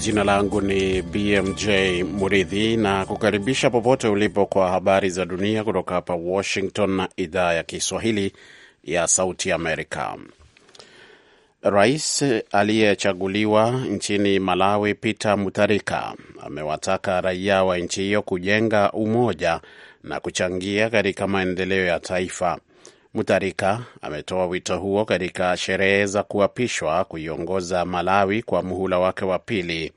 Jina langu ni BMJ Muridhi na kukaribisha popote ulipo kwa habari za dunia kutoka hapa Washington na idhaa ya Kiswahili ya Sauti Amerika. Rais aliyechaguliwa nchini Malawi Peter Mutharika amewataka raia wa nchi hiyo kujenga umoja na kuchangia katika maendeleo ya taifa. Mutharika ametoa wito huo katika sherehe za kuapishwa kuiongoza Malawi kwa muhula wake wa pili.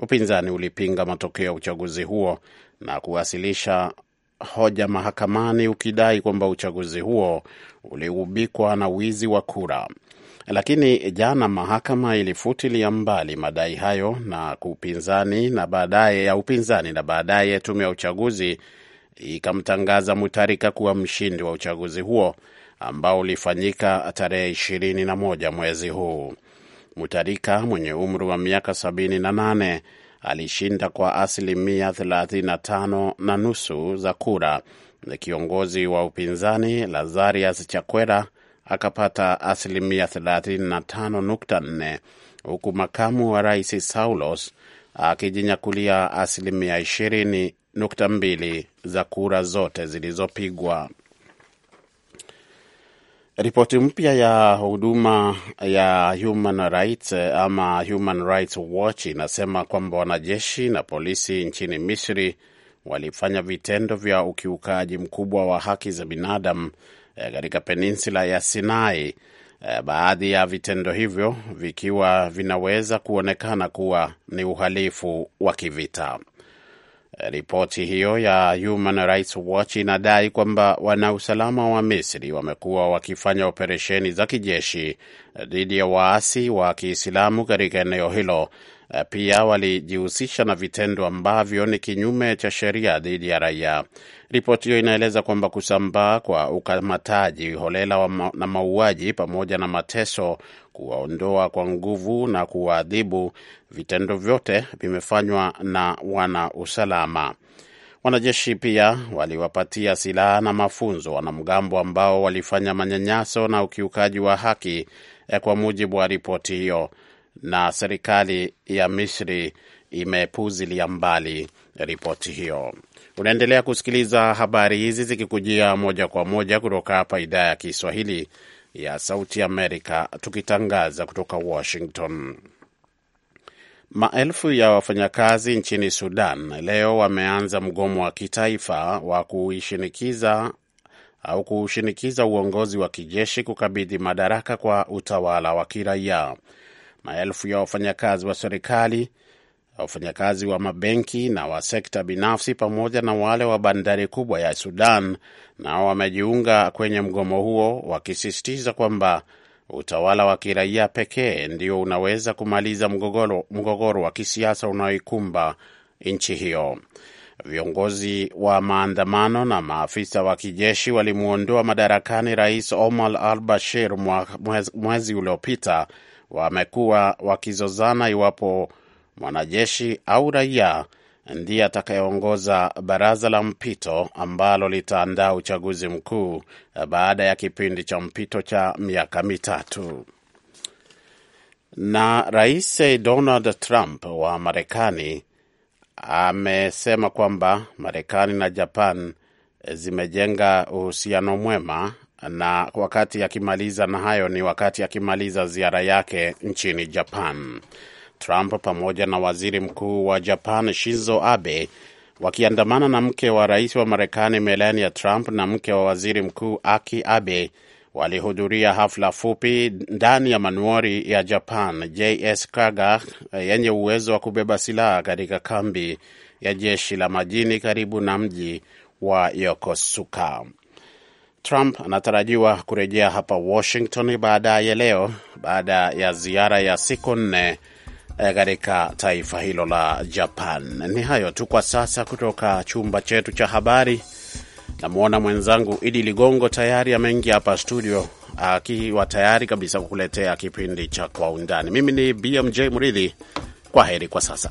Upinzani ulipinga matokeo ya uchaguzi huo na kuwasilisha hoja mahakamani ukidai kwamba uchaguzi huo uligubikwa na wizi wa kura. Lakini jana mahakama ilifutilia mbali madai hayo na kupinzani na baadaye ya upinzani na baadaye tume ya uchaguzi ikamtangaza mutarika kuwa mshindi wa uchaguzi huo ambao ulifanyika tarehe ishirini na moja mwezi huu. mutarika mwenye umri wa miaka sabini na nane alishinda kwa asilimia thelathini na tano na nusu za kura na kiongozi wa upinzani lazarias Chakwera akapata asilimia nne huku makamu wa rais Saulos akijinyakulia asilimia ishirini nukta mbili za kura zote zilizopigwa. Ripoti mpya ya huduma ya Human Rights ama Human Rights Watch inasema kwamba wanajeshi na polisi nchini Misri walifanya vitendo vya ukiukaji mkubwa wa haki za binadamu eh, katika peninsula ya Sinai, eh, baadhi ya vitendo hivyo vikiwa vinaweza kuonekana kuwa ni uhalifu wa kivita. Eh, ripoti hiyo ya Human Rights Watch inadai kwamba wanausalama wa Misri wamekuwa wakifanya operesheni za kijeshi eh, dhidi ya waasi wa Kiislamu katika eneo hilo Eh, pia walijihusisha na vitendo ambavyo ni kinyume cha sheria dhidi ya raia. Ripoti hiyo inaeleza kwamba kusambaa kwa ukamataji holela ma na mauaji pamoja na mateso, kuwaondoa kwa nguvu na kuwaadhibu, vitendo vyote vimefanywa na wana usalama. Wanajeshi pia waliwapatia silaha na mafunzo wanamgambo ambao walifanya manyanyaso na ukiukaji wa haki, eh, kwa mujibu wa ripoti hiyo na serikali ya Misri imepuzilia mbali ripoti hiyo. Unaendelea kusikiliza habari hizi zikikujia moja kwa moja kutoka hapa idhaa ya Kiswahili ya Sauti Amerika, tukitangaza kutoka Washington. Maelfu ya wafanyakazi nchini Sudan leo wameanza mgomo wa kitaifa wa kuishinikiza au kuushinikiza uongozi wa kijeshi kukabidhi madaraka kwa utawala wa kiraia maelfu ya wafanyakazi wa serikali, wafanyakazi wa mabenki na wa sekta binafsi, pamoja na wale wa bandari kubwa ya Sudan, nao wamejiunga kwenye mgomo huo, wakisisitiza kwamba utawala wa kiraia pekee ndio unaweza kumaliza mgogoro, mgogoro wa kisiasa unaoikumba nchi hiyo. Viongozi wa maandamano na maafisa wa kijeshi walimwondoa madarakani Rais Omar al Bashir mwezi uliopita wamekuwa wakizozana iwapo mwanajeshi au raia ndiye atakayeongoza baraza la mpito ambalo litaandaa uchaguzi mkuu baada ya kipindi cha mpito cha miaka mitatu. Na Rais Donald Trump wa Marekani amesema kwamba Marekani na Japan zimejenga uhusiano mwema na wakati akimaliza na hayo ni wakati akimaliza ziara yake nchini Japan. Trump pamoja na waziri mkuu wa Japan Shinzo Abe wakiandamana na mke wa rais wa Marekani Melania Trump na mke wa waziri mkuu Aki Abe walihudhuria hafla fupi ndani ya manuari ya Japan JS Kaga eh, yenye uwezo wa kubeba silaha katika kambi ya jeshi la majini karibu na mji wa Yokosuka. Trump anatarajiwa kurejea hapa Washington baadaye leo baada ya ziara ya siku nne eh, katika taifa hilo la Japan. Ni hayo tu kwa sasa kutoka chumba chetu cha habari. Namwona mwenzangu Idi Ligongo tayari ameingia hapa studio akiwa tayari kabisa kukuletea kipindi cha Kwa Undani. Mimi ni BMJ Muridhi, kwa heri kwa sasa.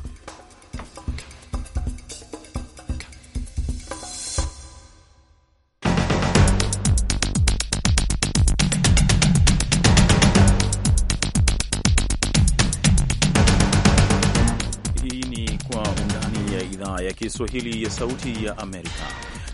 Kiswahili ya Sauti ya Amerika.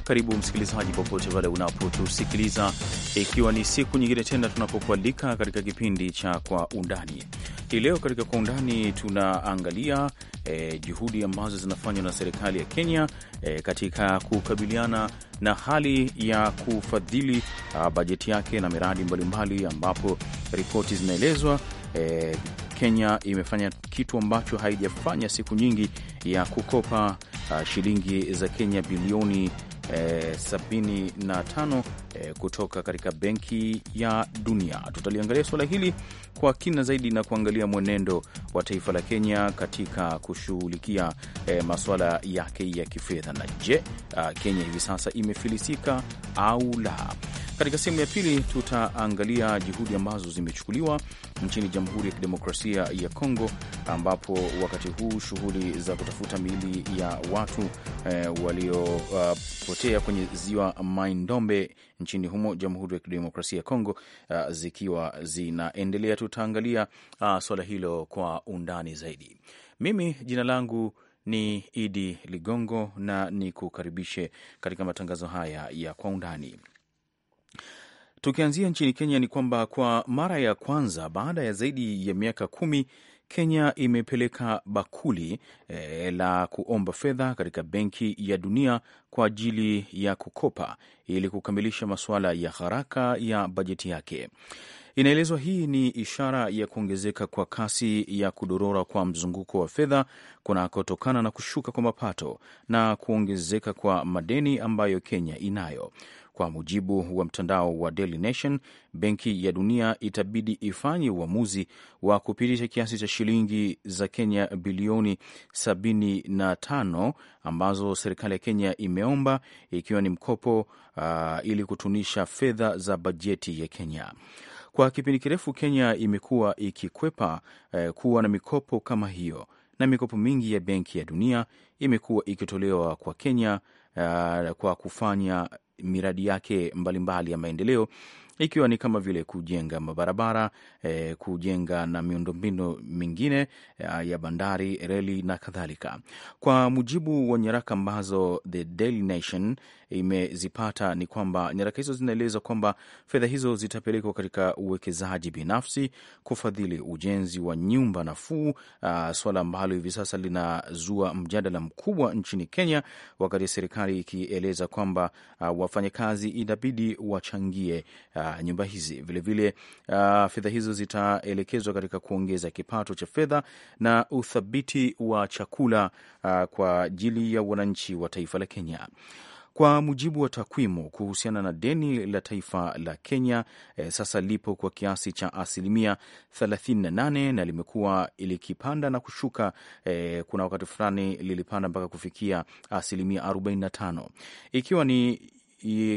Karibu msikilizaji, popote pale unapotusikiliza, ikiwa ni siku nyingine tena tunapokualika katika kipindi cha Kwa Undani. Hii leo katika Kwa Undani tunaangalia eh, juhudi ambazo zinafanywa na serikali ya Kenya eh, katika kukabiliana na hali ya kufadhili ah, bajeti yake na miradi mbalimbali, ambapo ripoti zinaelezwa eh, Kenya imefanya kitu ambacho haijafanya siku nyingi, ya kukopa uh, shilingi za Kenya bilioni eh, 75 eh, kutoka katika Benki ya Dunia. Tutaliangalia suala hili kwa kina zaidi na kuangalia mwenendo wa taifa la Kenya katika kushughulikia eh, masuala yake ya kifedha, na je, uh, Kenya hivi sasa imefilisika au la? Katika sehemu ya pili tutaangalia juhudi ambazo zimechukuliwa nchini Jamhuri ya Kidemokrasia ya Kongo, ambapo wakati huu shughuli za kutafuta miili ya watu eh, waliopotea uh, kwenye ziwa Maindombe nchini humo Jamhuri ya Kidemokrasia ya Kongo uh, zikiwa zinaendelea. Tutaangalia uh, suala hilo kwa undani zaidi. Mimi jina langu ni Idi Ligongo na nikukaribishe katika matangazo haya ya kwa undani. Tukianzia nchini Kenya, ni kwamba kwa mara ya kwanza baada ya zaidi ya miaka kumi Kenya imepeleka bakuli e, la kuomba fedha katika Benki ya Dunia kwa ajili ya kukopa ili kukamilisha masuala ya haraka ya bajeti yake. Inaelezwa hii ni ishara ya kuongezeka kwa kasi ya kudorora kwa mzunguko wa fedha kunakotokana na kushuka kwa mapato na kuongezeka kwa madeni ambayo Kenya inayo. Kwa mujibu wa mtandao wa Daily Nation, Benki ya Dunia itabidi ifanye uamuzi wa kupitisha kiasi cha shilingi za Kenya bilioni 75 ambazo serikali ya Kenya imeomba ikiwa ni mkopo uh, ili kutunisha fedha za bajeti ya Kenya. Kwa kipindi kirefu Kenya imekuwa ikikwepa uh, kuwa na mikopo kama hiyo, na mikopo mingi ya Benki ya Dunia imekuwa ikitolewa kwa Kenya uh, kwa kufanya miradi yake mbalimbali mbali ya maendeleo ikiwa ni kama vile kujenga mabarabara e, kujenga na miundombinu mingine eh, ya bandari, reli na kadhalika. Kwa mujibu wa nyaraka ambazo The Daily Nation imezipata ni kwamba nyaraka hizo zinaeleza kwamba fedha hizo zitapelekwa katika uwekezaji binafsi kufadhili ujenzi wa nyumba nafuu, ah, swala ambalo hivi sasa linazua mjadala mkubwa nchini Kenya, wakati serikali ikieleza kwamba ah, wafanyakazi inabidi wachangie a, ah, nyumba hizi vilevile vile, uh, fedha hizo zitaelekezwa katika kuongeza kipato cha fedha na uthabiti wa chakula uh, kwa ajili ya wananchi wa taifa la Kenya. Kwa mujibu wa takwimu kuhusiana na deni la taifa la Kenya eh, sasa lipo kwa kiasi cha asilimia 38 na limekuwa likipanda na kushuka. Eh, kuna wakati fulani lilipanda mpaka kufikia asilimia 45 ikiwa ni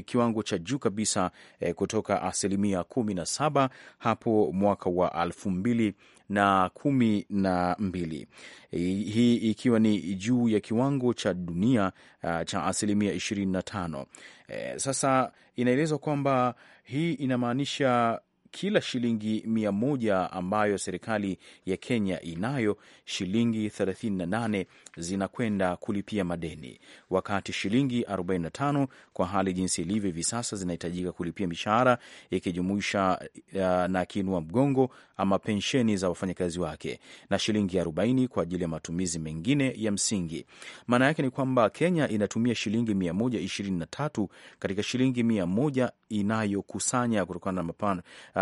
kiwango cha juu kabisa e, kutoka asilimia kumi na saba hapo mwaka wa elfu mbili na kumi na mbili, hii ikiwa ni juu ya kiwango cha dunia uh, cha asilimia ishirini na tano. Eh, sasa inaelezwa kwamba hii inamaanisha kila shilingi mia moja ambayo serikali ya Kenya inayo, shilingi 38 zinakwenda kulipia madeni, wakati shilingi 45 kwa hali jinsi ilivyo hivi sasa zinahitajika kulipia mishahara ikijumuisha uh, na kinua mgongo ama pensheni za wafanyakazi wake na shilingi 40 kwa ajili ya matumizi mengine ya msingi. Maana yake ni kwamba Kenya inatumia shilingi 123 katika shilingi 1 inayokusanya kutokana na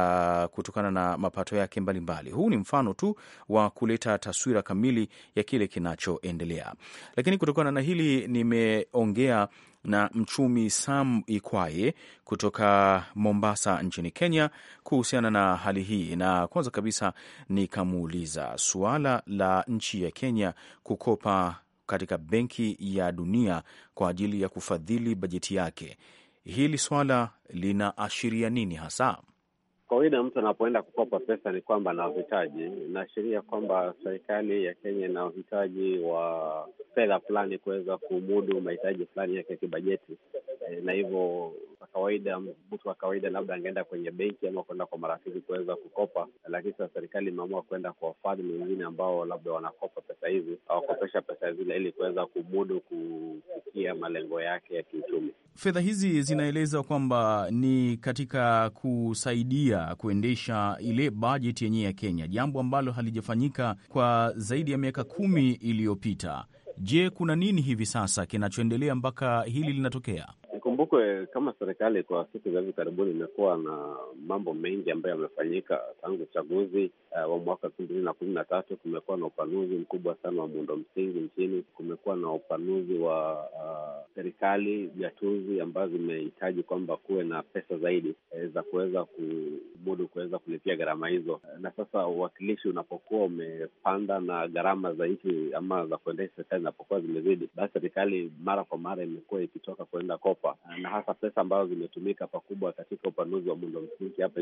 Uh, kutokana na mapato yake mbalimbali. Huu ni mfano tu wa kuleta taswira kamili ya kile kinachoendelea, lakini kutokana na hili nimeongea na mchumi Sam Ikwaye kutoka Mombasa nchini Kenya kuhusiana na hali hii, na kwanza kabisa nikamuuliza suala la nchi ya Kenya kukopa katika Benki ya Dunia kwa ajili ya kufadhili bajeti yake, hili swala linaashiria nini hasa? kawaida mtu anapoenda kukopa pesa ni kwamba ana uhitaji, inaashiria kwamba serikali ya Kenya ina uhitaji wa fedha fulani kuweza kumudu mahitaji fulani yake ya kibajeti, eh, na hivyo kwa kawaida mtu wa kawaida labda angeenda kwenye benki ama kuenda kwa marafiki kuweza kukopa, lakini sasa serikali imeamua kuenda kwa wafadhili wengine ambao labda wanakopa pesa hizi, awakopesha pesa zile ili kuweza kumudu kufikia malengo yake ya kiuchumi. Fedha hizi zinaeleza kwamba ni katika kusaidia kuendesha ile bajeti yenyewe ya Kenya, jambo ambalo halijafanyika kwa zaidi ya miaka kumi iliyopita. Je, kuna nini hivi sasa kinachoendelea mpaka hili linatokea? Ikumbukwe kama serikali kwa siku za hivi karibuni imekuwa na mambo mengi ambayo yamefanyika tangu uchaguzi uh, wa mwaka elfu mbili na kumi na tatu. Kumekuwa na upanuzi mkubwa sana wa muundo msingi nchini. Kumekuwa na upanuzi wa uh, serikali jatuzi ambazo zimehitaji kwamba kuwe na pesa zaidi e, za kuweza kumudu kuweza kulipia gharama hizo, na sasa uwakilishi unapokuwa umepanda na gharama za nchi ama za kuendesha serikali zinapokuwa zimezidi, basi serikali mara kwa mara imekuwa ikitoka kwenda kopa na hasa pesa ambazo zimetumika pakubwa katika upanuzi wa muundo msingi hapa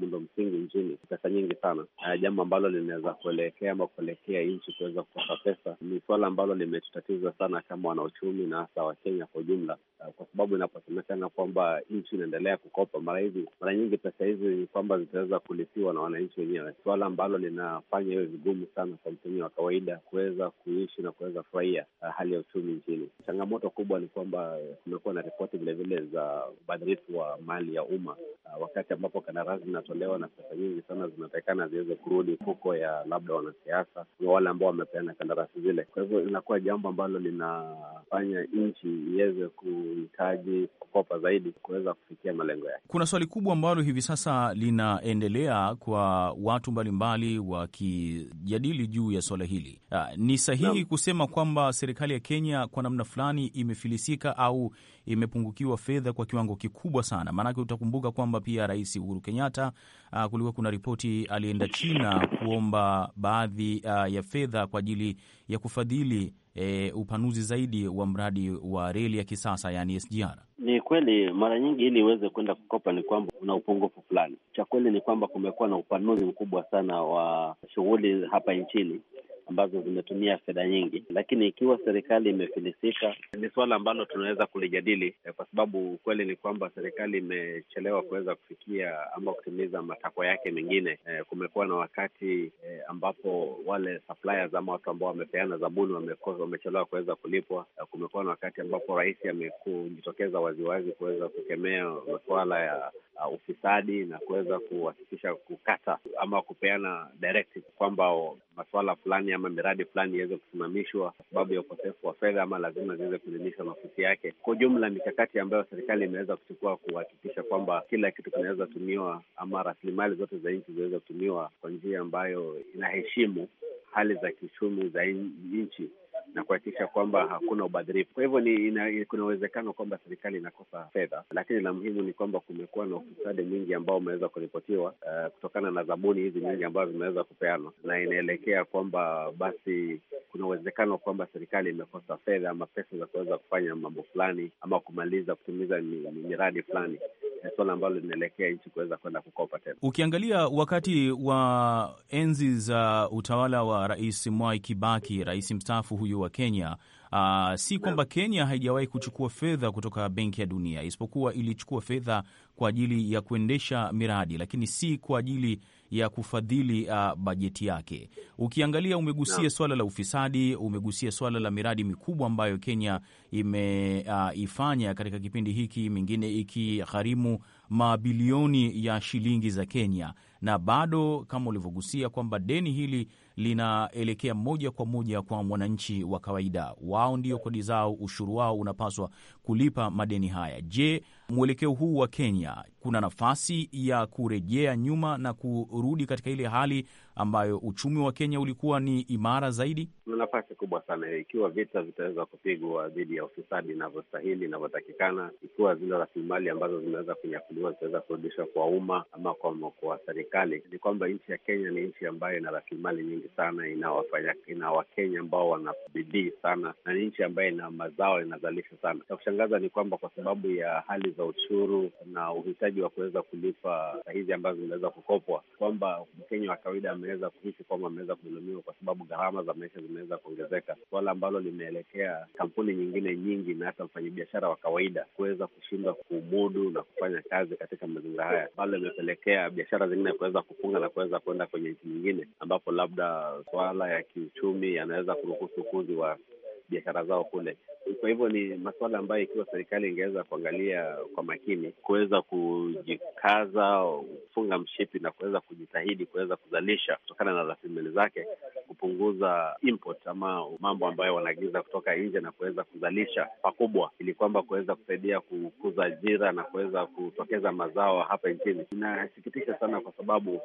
muundo msingi nchini, pesa nyingi sana, ah, jambo ambalo linaweza kuelekea ama kuelekea nchi kuweza kukosa pesa. Ni suala ambalo limetutatiza sana kama wanauchumi na hasa Wakenya kwa ujumla, ah, kwa sababu inaposemekana kwamba nchi inaendelea kukopa, mara hizi mara nyingi pesa hizi ni kwamba zitaweza kulipiwa na wananchi wenyewe, suala ambalo linafanya iwe vigumu sana kwa mtumi wa kawaida kuweza kuishi na kuweza kufurahia ah, hali ya uchumi nchini. Changamoto kubwa ni kwamba kumekuwa na ripoti harakati vilevile za ubadhirifu wa mali ya umma uh, wakati ambapo kandarasi zinatolewa na pesa nyingi sana zinatakikana ziweze kurudi fuko ya labda wanasiasa na wale ambao wamepeana kandarasi zile. Kwa hivyo inakuwa jambo ambalo linafanya nchi iweze kuhitaji kukopa zaidi kuweza kufikia malengo yake. Kuna swali kubwa ambalo hivi sasa linaendelea kwa watu mbalimbali wakijadili juu ya swala hili. Uh, ni sahihi no. kusema kwamba serikali ya Kenya kwa namna fulani imefilisika au imepungukiwa fedha kwa kiwango kikubwa sana. Maanake utakumbuka kwamba pia Rais Uhuru Kenyatta uh, kulikuwa kuna ripoti alienda China kuomba baadhi uh, ya fedha kwa ajili ya kufadhili E, upanuzi zaidi wa mradi wa reli ya kisasa yani SGR. Ni kweli mara nyingi ili iweze kwenda kukopa ni kwamba kuna upungufu fulani. Cha kweli ni kwamba kumekuwa na upanuzi mkubwa sana wa shughuli hapa nchini, ambazo zimetumia fedha nyingi, lakini ikiwa serikali imefilisika, ni suala ambalo tunaweza kulijadili, eh, kwa sababu ukweli ni kwamba serikali imechelewa kuweza kufikia ama kutimiza matakwa yake mengine. E, kumekuwa na wakati e, ambapo wale suppliers ama watu ambao wamepeana zabuni wamechelewa kuweza kulipwa. E, kumekuwa na wakati ambapo rais amekujitokeza waziwazi kuweza kukemea masuala ya Uh, ufisadi na kuweza kuhakikisha kukata ama kupeana kwamba masuala fulani fulani ama miradi fulani iweze kusimamishwa kwa sababu ya ukosefu wa fedha, ama lazima ziweze kulinishwa mafuti yake. Kwa ujumla, mikakati ambayo serikali imeweza kuchukua kuhakikisha kwamba kila kitu kinaweza tumiwa ama rasilimali zote za nchi zinaweza kutumiwa kwa njia ambayo inaheshimu hali za kiuchumi za nchi na kuhakikisha kwamba hakuna ubadhirifu. Kwa hivyo ni, kuna uwezekano kwamba serikali inakosa fedha, lakini la muhimu ni kwamba kumekuwa na ufisadi mwingi ambao umeweza kuripotiwa uh, kutokana na zabuni hizi nyingi ambazo zimeweza kupeanwa, na inaelekea kwamba basi kuna uwezekano kwamba serikali imekosa fedha ama pesa za kuweza kufanya mambo fulani ama kumaliza kutimiza miradi fulani suala ambalo linaelekea nchi kuweza kwenda kukopa tena. Ukiangalia wakati wa enzi za utawala wa Rais Mwai Kibaki, rais mstaafu huyu wa Kenya, Uh, si kwamba Kenya haijawahi kuchukua fedha kutoka Benki ya Dunia, isipokuwa ilichukua fedha kwa ajili ya kuendesha miradi, lakini si kwa ajili ya kufadhili uh, bajeti yake. Ukiangalia, umegusia swala la ufisadi, umegusia swala la miradi mikubwa ambayo Kenya imeifanya uh, katika kipindi hiki, mingine ikigharimu mabilioni ya shilingi za Kenya na bado kama ulivyogusia kwamba deni hili linaelekea moja kwa moja kwa mwananchi wa kawaida. Wao ndio kodi zao, ushuru wao unapaswa kulipa madeni haya. Je, mwelekeo huu wa Kenya, kuna nafasi ya kurejea nyuma na kurudi katika ile hali ambayo uchumi wa Kenya ulikuwa ni imara zaidi? Kuna nafasi kubwa sana ikiwa vita vitaweza kupigwa dhidi ya ufisadi inavyostahili, inavyotakikana, ikiwa zile rasilimali ambazo zinaweza kunyakuliwa zitaweza kurudishwa kwa umma ama kwa, kwa serikali. Ni kwamba nchi ya Kenya ni nchi ambayo ina rasilimali nyingi sana, ina Wakenya ambao wana bidii sana, na ni nchi ambayo ina mazao inazalisha sana. Cha kushangaza ni kwamba kwa sababu ya hali za ushuru na uhitaji wa kuweza kulipa hizi ambazo zinaweza kukopwa, kwamba Mkenya wa kawaida ameweza kuhisi kwamba ameweza kudhulumiwa kwa sababu gharama za maisha zimeweza kuongezeka, suala ambalo limeelekea kampuni nyingine nyingi na hata mfanyabiashara wa kawaida kuweza kushindwa kumudu na kufanya kazi katika mazingira haya, ambalo limepelekea biashara zingine kuweza kufunga na kuweza kwenda kwenye nchi nyingine, ambapo labda suala ya kiuchumi yanaweza kuruhusu ukuzi wa biashara zao kule. Kwa hivyo ni masuala ambayo ikiwa serikali ingeweza kuangalia kwa makini, kuweza kujikaza, kufunga mshipi na kuweza kujitahidi kuweza kuzalisha kutokana na rasilimali zake, kupunguza import ama mambo ambayo wanaagiza kutoka nje na kuweza kuzalisha pakubwa, ili kwamba kuweza kusaidia kukuza ajira na kuweza kutokeza mazao hapa nchini. Inasikitisha sana kwa sababu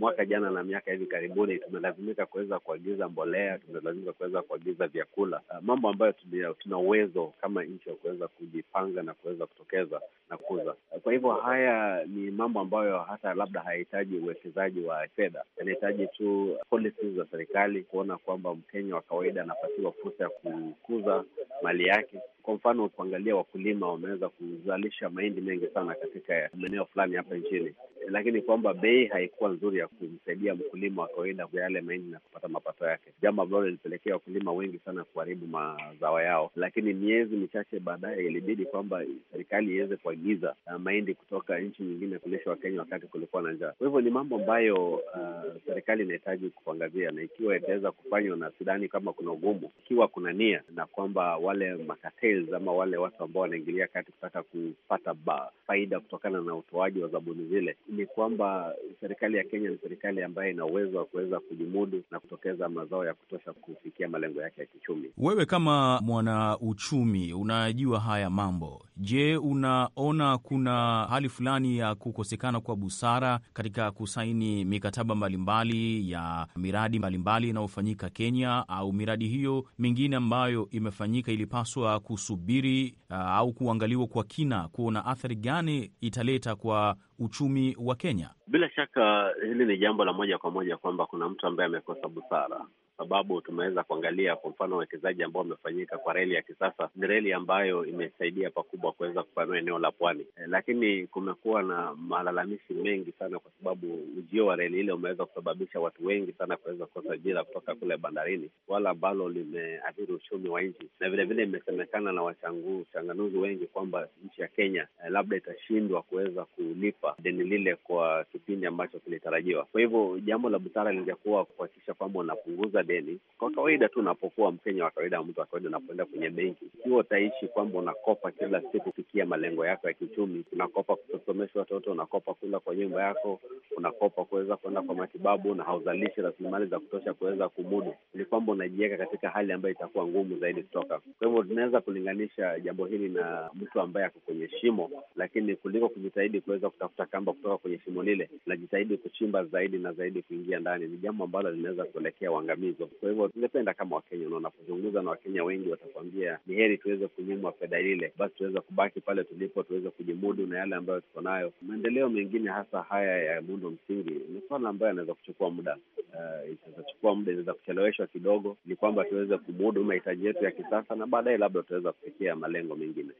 mwaka jana na miaka hivi karibuni tumelazimika kuweza kuagiza mbolea, tumelazimika kuweza kuagiza vyakula mambo ambayo tuna uwezo kama nchi ya kuweza kujipanga na kuweza kutokeza na kukuza. Kwa hivyo haya ni mambo ambayo hata labda hayahitaji uwekezaji wa fedha, yanahitaji tu policies za serikali kuona kwamba Mkenya wa kawaida anapatiwa fursa ya kukuza mali yake kwa mfano kuangalia, wakulima wameweza kuzalisha mahindi mengi sana katika maeneo fulani hapa nchini, lakini kwamba bei haikuwa nzuri ya kumsaidia mkulima wa kawaida kwa yale mahindi na kupata mapato yake, jambo ambalo lilipelekea wakulima wengi sana kuharibu mazao yao. Lakini miezi michache baadaye ilibidi kwamba serikali iweze kuagiza uh, mahindi kutoka nchi nyingine kulisha Wakenya wakati kulikuwa na njaa. Kwa hivyo ni mambo ambayo uh, serikali inahitaji kuangazia, na ikiwa itaweza kufanywa, na sidhani kama kuna ugumu, ikiwa kuna nia na kwamba wale makateli buyers ama wale watu ambao wanaingilia kati kutaka kupata ba, faida kutokana na utoaji wa zabuni zile, ni kwamba serikali ya Kenya ni serikali ambayo ina uwezo wa kuweza kujimudu na kutokeza mazao ya kutosha kufikia malengo yake ya kiuchumi. Wewe kama mwanauchumi unajua haya mambo, je, unaona kuna hali fulani ya kukosekana kwa busara katika kusaini mikataba mbalimbali ya miradi mbalimbali inayofanyika Kenya, au miradi hiyo mingine ambayo imefanyika ilipaswa ku kusubiri uh, au kuangaliwa kwa kina kuona athari gani italeta kwa uchumi wa Kenya. Bila shaka hili ni jambo la moja kwa moja kwamba kuna mtu ambaye amekosa busara, sababu tumeweza kuangalia kwa mfano uwekezaji ambao umefanyika kwa reli ya kisasa. Ni reli ambayo imesaidia pakubwa kuweza kupanua eneo la pwani e, lakini kumekuwa na malalamishi mengi sana, kwa sababu ujio wa reli ile umeweza kusababisha watu wengi sana kuweza kukosa ajira kutoka kule bandarini, suala ambalo limeathiri uchumi wa nchi, na vilevile imesemekana na wachanganuzi wengi kwamba nchi ya Kenya e, labda itashindwa kuweza kulipa deni lile kwa kipindi ambacho kilitarajiwa. Kwa hivyo jambo la busara lingekuwa kuhakikisha kwamba wanapunguza deni. Kwa kawaida tu unapokuwa Mkenya wa kawaida, mtu wa kawaida, unapoenda kwenye benki, ikiwa utaishi kwamba unakopa kila siku kufikia malengo yako ya kiuchumi, unakopa kusomesha watoto, unakopa kula kwa nyumba yako, unakopa kuweza kuenda kwa matibabu, na hauzalishi rasilimali za kutosha kuweza kumudu, ni kwamba unajiweka katika hali ambayo itakuwa ngumu zaidi kutoka. Kwa hivyo tunaweza kulinganisha jambo hili na mtu ambaye ako kwenye shimo, lakini kuliko kujitahidi kuweza kutafuta kamba kutoka kwenye shimo lile, najitahidi kuchimba zaidi na zaidi kuingia ndani, ni jambo ambalo linaweza kuelekea uangamizi hizo. Kwa hivyo tungependa kama Wakenya, na unapozungumza na Wakenya wengi watakwambia ni heri tuweze kunyimwa fedha ile, basi tuweze kubaki pale tulipo, tuweze kujimudu na yale ambayo tuko nayo. Maendeleo mengine hasa haya ya muundo msingi ni swala ambayo anaweza kuchukua muda uh, eh, itaweza kuchukua muda, inaweza kucheleweshwa kidogo, ni kwamba tuweze kumudu mahitaji yetu ya kisasa, na baadaye labda tutaweza kufikia malengo mengine.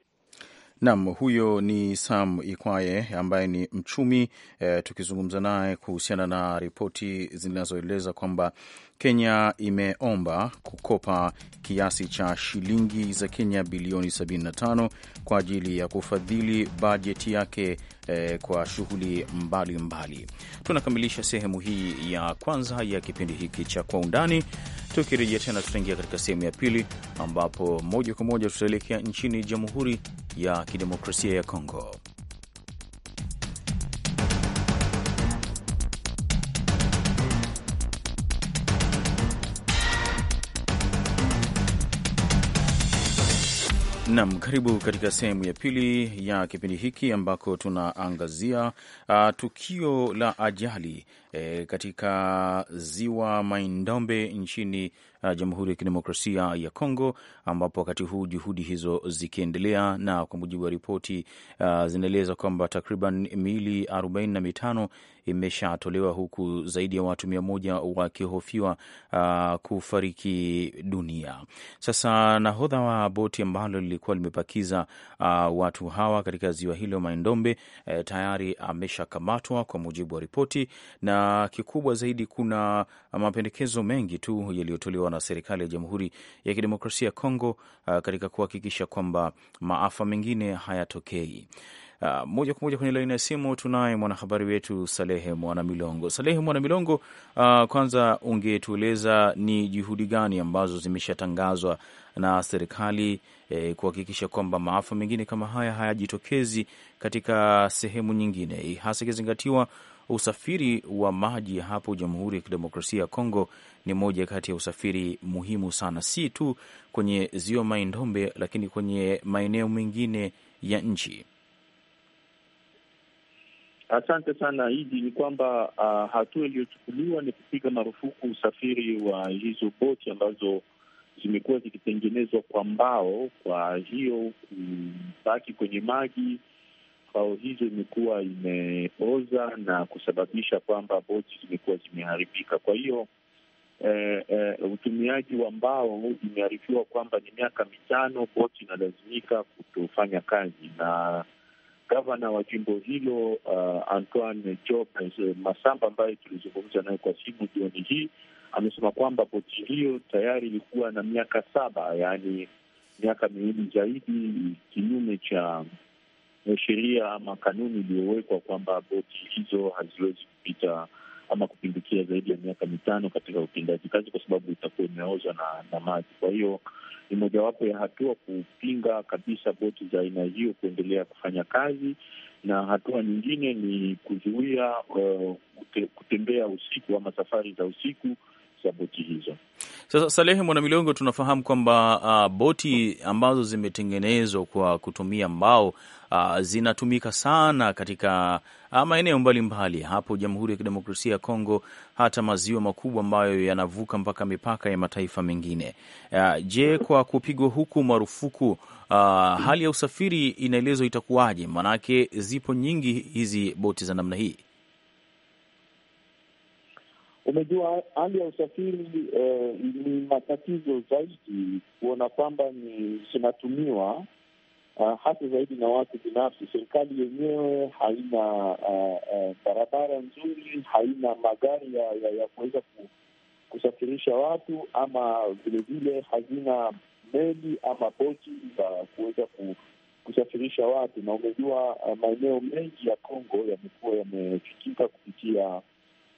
Nam, huyo ni Sam Ikwaye ambaye ni mchumi e, tukizungumza naye kuhusiana na ripoti zinazoeleza kwamba Kenya imeomba kukopa kiasi cha shilingi za Kenya bilioni 75 kwa ajili ya kufadhili bajeti yake e, kwa shughuli mbalimbali. Tunakamilisha sehemu hii ya kwanza ya kipindi hiki cha Kwa Undani. Tukirejea tena, tutaingia katika sehemu ya pili, ambapo moja kwa moja tutaelekea nchini Jamhuri ya Kidemokrasia ya Kongo. Nam, karibu katika sehemu ya pili ya kipindi hiki ambako tunaangazia uh, tukio la ajali eh, katika ziwa Maindombe nchini Uh, Jamhuri ya Kidemokrasia ya Kongo, ambapo wakati huu juhudi hizo zikiendelea, na kwa mujibu wa ripoti uh, zinaeleza kwamba takriban miili 45 imeshatolewa huku zaidi ya watu mia moja wakihofiwa uh, kufariki dunia. Sasa nahodha wa boti ambalo lilikuwa limepakiza uh, watu hawa katika ziwa hilo Maindombe uh, tayari ameshakamatwa kwa mujibu wa ripoti, na kikubwa zaidi kuna mapendekezo mengi tu yaliyotolewa na serikali ya Jamhuri ya Kidemokrasia ya Kongo uh, katika kuhakikisha kwamba maafa mengine hayatokei. Uh, moja kwa moja kwenye laini ya simu tunaye mwanahabari wetu Salehe Mwanamilongo. Salehe Mwanamilongo, uh, kwanza ungetueleza ni juhudi gani ambazo zimeshatangazwa na serikali eh, kuhakikisha kwamba maafa mengine kama haya hayajitokezi katika sehemu nyingine, hasa ikizingatiwa usafiri wa maji hapo Jamhuri ya Kidemokrasia ya Kongo ni moja kati ya usafiri muhimu sana, si tu kwenye ziwa Maindombe, lakini kwenye maeneo mengine ya nchi. Asante sana Hidi. Ni kwamba uh, hatua iliyochukuliwa ni kupiga marufuku usafiri wa hizo boti ambazo zimekuwa zikitengenezwa kwa mbao. Kwa hiyo kubaki kwenye maji, mbao hizo imekuwa imeoza na kusababisha kwamba boti zimekuwa zimeharibika. Kwa hiyo eh, eh, utumiaji wa mbao imearifiwa kwamba ni miaka mitano, boti inalazimika kutofanya kazi na gavana wa jimbo hilo uh, Antoine Job Masamba ambaye tulizungumza naye kwa simu jioni hii amesema kwamba boti hiyo tayari ilikuwa na miaka saba, yaani miaka miwili zaidi, kinyume cha sheria ama kanuni iliyowekwa kwamba boti hizo haziwezi kupita ama kupindikia zaidi ya miaka mitano katika utendaji kazi, kwa sababu itakuwa imeozwa na, na maji. Kwa hiyo ni mojawapo ya hatua kupinga kabisa boti za aina hiyo kuendelea kufanya kazi, na hatua nyingine ni kuzuia uh, kute, kutembea usiku ama safari za usiku za boti hizo. Sasa Salehe Mwana Milongo, tunafahamu kwamba uh, boti ambazo zimetengenezwa kwa kutumia mbao uh, zinatumika sana katika uh, maeneo mbalimbali hapo Jamhuri ya Kidemokrasia ya Kongo, hata maziwa makubwa ambayo yanavuka mpaka mipaka ya mataifa mengine. Uh, je, kwa kupigwa huku marufuku uh, hali ya usafiri inaelezwa itakuwaje? Maanake zipo nyingi hizi boti za namna hii. Umejua hali ya usafiri eh, ni matatizo zaidi kuona kwamba ni zinatumiwa uh, hasa zaidi na watu binafsi. Serikali yenyewe haina uh, uh, barabara nzuri, haina magari ya, ya, ya kuweza kusafirisha watu, ama vilevile hazina meli ama boti za kuweza ku kusafirisha watu na umejua, uh, maeneo mengi ya Kongo yamekuwa yamefikika kupitia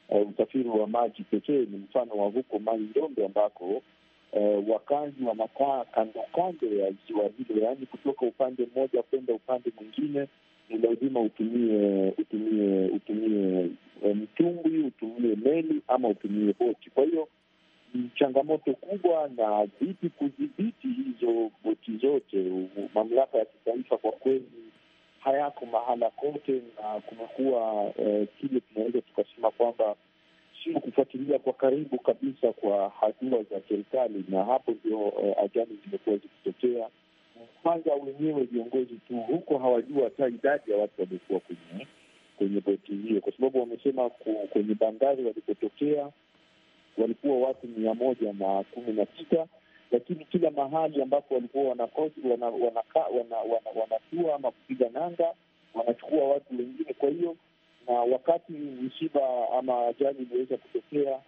eh, usafiri wa maji pekee ni mfano wa huko Mai Ndombe ambako eh, wakazi wa makaa kando kando ya ziwa hilo, yaani kutoka upande mmoja kwenda upande mwingine ni lazima utumie utumie utumie eh, mtumbwi, utumie meli ama utumie boti. Kwa hiyo changamoto kubwa, na vipi kudhibiti hizo boti zote? Mamlaka ya kitaifa kwa kweli hayako mahala kote, na kumekuwa eh, kile tunaweza tukasema kwamba sio kufuatilia kwa karibu kabisa kwa hatua za serikali, na hapo ndio eh, ajali zimekuwa zikitokea. Kwanza wenyewe viongozi tu huko hawajua hata idadi ya watu waliokuwa kwenye kwenye boti hiyo, kwa sababu wamesema kwenye bandari walipotokea walikuwa watu mia moja na kumi na sita lakini kila mahali ambapo walikuwa wanatua wana, wana, wana, wana, wana ama kupiga nanga wanachukua watu wengine. Kwa hiyo na wakati msiba ama ajali iliweza kutokea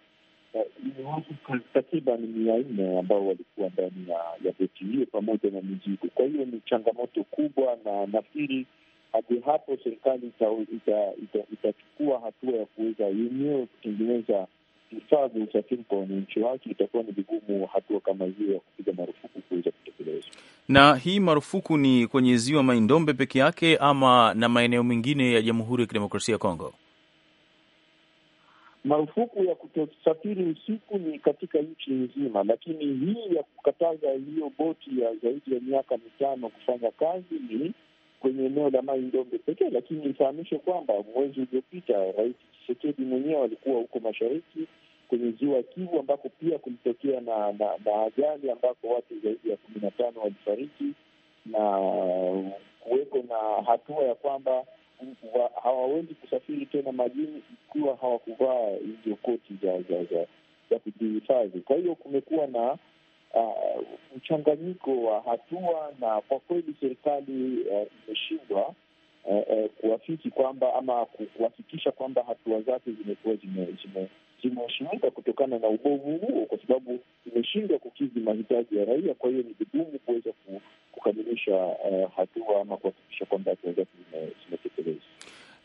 takriban mia nne ambao walikuwa ndani ya boti hiyo pamoja na mizigo. Kwa hiyo ni changamoto kubwa, na nafikiri hadi hapo serikali itachukua ita, ita, ita hatua ya kuweza yenyewe kutengeneza vifaa vya usafiri kwa wananchi wake, itakuwa ni vigumu hatua kama hiyo ya kupiga marufuku kuweza kutekelezwa. Na hii marufuku ni kwenye ziwa Maindombe peke yake ama na maeneo mengine ya Jamhuri ya Kidemokrasia ya Kongo? Marufuku ya kutosafiri usiku ni katika nchi nzima, lakini hii ya kukataza hiyo boti ya zaidi ya miaka mitano kufanya kazi ni kwenye eneo la maindombe pekee. Lakini ifahamishwe kwamba mwezi uliopita Rais Tshisekedi mwenyewe alikuwa huko mashariki kwenye ziwa Kivu ambako pia kulitokea na, na, na ajali ambako watu zaidi ya kumi na tano walifariki na kuweko na hatua ya kwamba hawawezi kusafiri tena majini ikiwa hawakuvaa hizo koti za za za, za kujihifadhi. Kwa hiyo kumekuwa na mchanganyiko wa hatua na kwa kweli serikali imeshindwa uh, eh, eh, kuafiki kwamba ama kuhakikisha kwamba hatua zake zimekuwa zimeheshimika kutokana na ubovu huo, kwa sababu imeshindwa kukidhi mahitaji ya raia. Kwa hiyo ni vigumu kuweza kukamilisha eh, hatua ama kuhakikisha kwamba hatua zake zimetekelezwa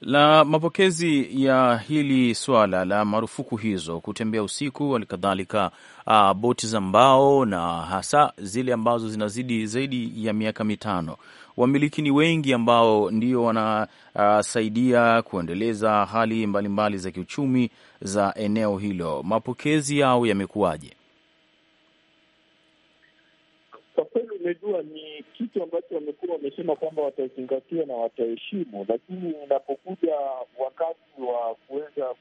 la mapokezi ya hili swala la marufuku hizo kutembea usiku, halikadhalika uh, boti za mbao na hasa zile ambazo zinazidi zaidi ya miaka mitano. Wamiliki ni wengi ambao ndio wanasaidia ah, uh, kuendeleza hali mbalimbali mbali za kiuchumi za eneo hilo. Mapokezi yao yamekuwaje? umejua ni kitu ambacho wamekuwa wamesema kwamba watazingatia na wataheshimu, lakini inapokuja wakati wa kuweza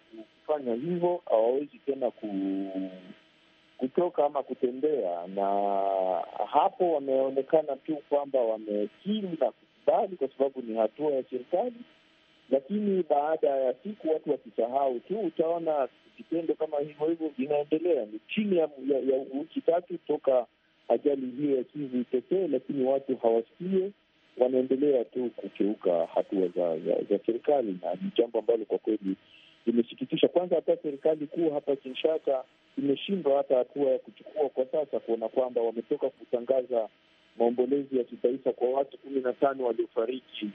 kufanya hivyo hawawezi tena ku kutoka ama kutembea, na hapo wameonekana tu kwamba wamekiri na kukubali, kwa sababu ni hatua ya serikali. Lakini baada ya siku watu wakisahau tu, utaona vitendo kama hivyo hivyo vinaendelea. Ni chini ya, ya, ya wiki tatu toka ajali hiyo ya Kivu itokee, lakini watu hawasikie, wanaendelea tu kukiuka hatua za, za, za serikali, na ni jambo ambalo kwa kweli limesikitisha. Kwanza hata serikali kuu hapa Kinshasa imeshindwa hata hatua ya kuchukua kwa sasa, kuona kwamba wametoka kutangaza maombolezi ya kitaifa kwa watu kumi na tano waliofariki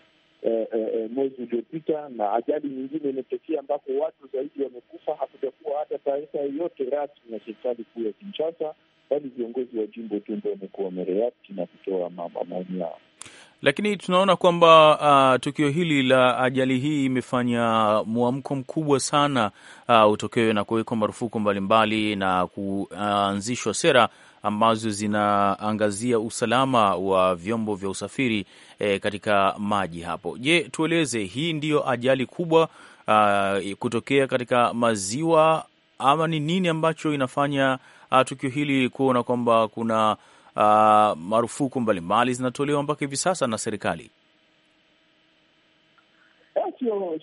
Eh, eh, eh, mwezi uliopita, na ajali nyingine imetokea ambapo watu zaidi wamekufa. Hakujakuwa hata taarifa yoyote rasmi ya serikali kuu ya Kinshasa, bali viongozi wa jimbo tu ndio wamekuwa wamereakti na kutoa maoni yao lakini tunaona kwamba uh, tukio hili la ajali hii imefanya mwamko mkubwa sana uh, utokewe na kuwekwa marufuku mbalimbali na kuanzishwa sera ambazo zinaangazia usalama wa vyombo vya usafiri e, katika maji hapo. Je, tueleze hii ndiyo ajali kubwa a, ah, kutokea katika maziwa ama ni nini ambacho inafanya a, ah, tukio hili kuona kwamba kuna a, ah, marufuku mbalimbali zinatolewa mpaka hivi sasa na serikali?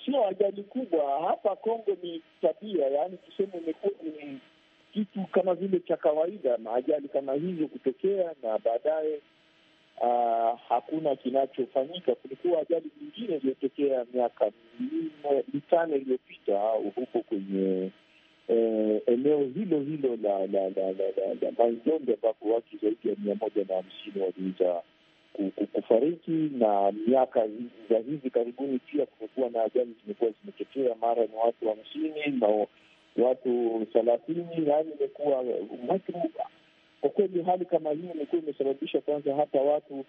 Sio ajali kubwa hapa Kongo, ni tabia, yani, tuseme imekuwa ni kitu kama vile cha kawaida, ajali kama hizo kutokea na baadaye Uh, hakuna kinachofanyika. Kulikuwa ajali nyingine iliyotokea miaka minne mitano iliyopita huko kwenye eh, eneo hilo hilo la la la la ambapo watu zaidi ya mia moja na hamsini waliweza kufariki, na miaka za hivi karibuni pia kumekuwa na ajali zimekuwa zimetokea, mara ni watu hamsini na watu thelathini. Yani imekuwa watu kwa kweli, hali kama hiyo imekuwa imesababisha kwanza hata watu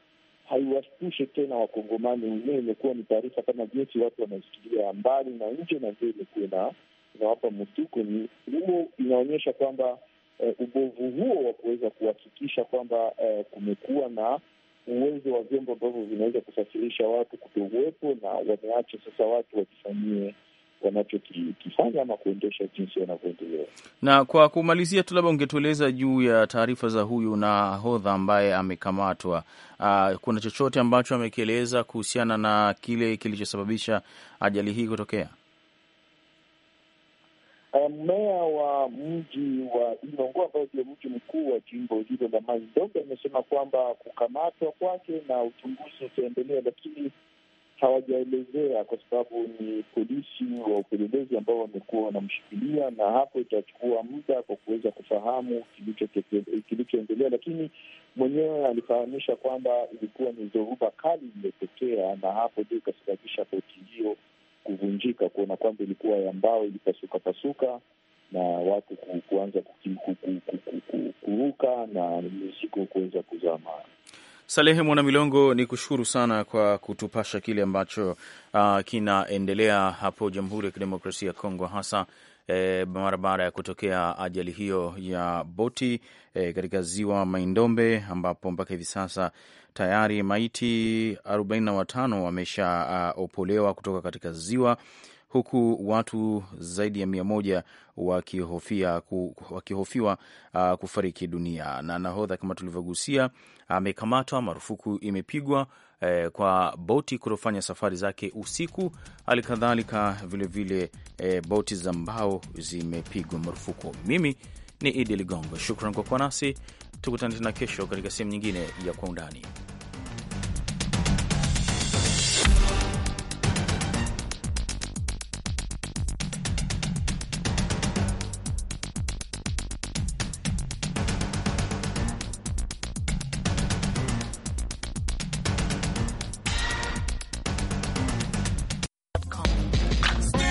haiwashtushe tena Wakongomani wenyewe. Imekuwa ni taarifa kama jinsi watu wanazikilia mbali na nje, na ndio imekuwa inawapa mshtuko. Ni huo inaonyesha kwamba e, ubovu huo wa kuweza kuhakikisha kwamba e, kumekuwa na uwezo wa vyombo ambavyo vinaweza kusafirisha watu kutokuwepo, na wameacha sasa watu wajifanyie wanachokifanya ama kuendesha jinsi wanavyoendelea. Na kwa kumalizia tu, labda ungetueleza juu ya taarifa za huyu na hodha ambaye amekamatwa. Uh, kuna chochote ambacho amekieleza kuhusiana na kile kilichosababisha ajali hii kutokea? Ah, meya um, wa mji wa Ilongo ambayo ndio mji mkuu wa jimbo hilo la Mai Ndombe amesema kwamba kukamatwa kwake na uchunguzi utaendelea, lakini hawajaelezea kwa sababu ni polisi wa upelelezi ambao wamekuwa wanamshikilia, na hapo itachukua muda kwa kuweza kufahamu kilichoendelea, lakini mwenyewe alifahamisha kwamba ilikuwa ni dhoruba kali iliyotokea, na hapo ndio ikasababisha boti hiyo kuvunjika, kuona kwamba ilikuwa ya mbao, ilipasuka pasuka na watu kuanza kuruka na mizigo kuweza kuzama. Salehe Mwanamilongo, ni kushukuru sana kwa kutupasha kile ambacho uh, kinaendelea hapo Jamhuri ya Kidemokrasia ya Kongo, hasa eh, mara baada ya kutokea ajali hiyo ya boti eh, katika ziwa Maindombe, ambapo mpaka hivi sasa tayari maiti 45 wameshaopolewa uh, kutoka katika ziwa huku watu zaidi ya mia moja wakihofia, ku, wakihofiwa uh, kufariki dunia. Na nahodha kama tulivyogusia amekamatwa, uh, marufuku imepigwa uh, kwa boti kutofanya safari zake usiku. Hali kadhalika vilevile uh, eh, boti za mbao zimepigwa marufuku. Mimi ni Idi Ligongo, shukran kwa kuwa nasi. Tukutane tena kesho katika sehemu nyingine ya Kwa Undani.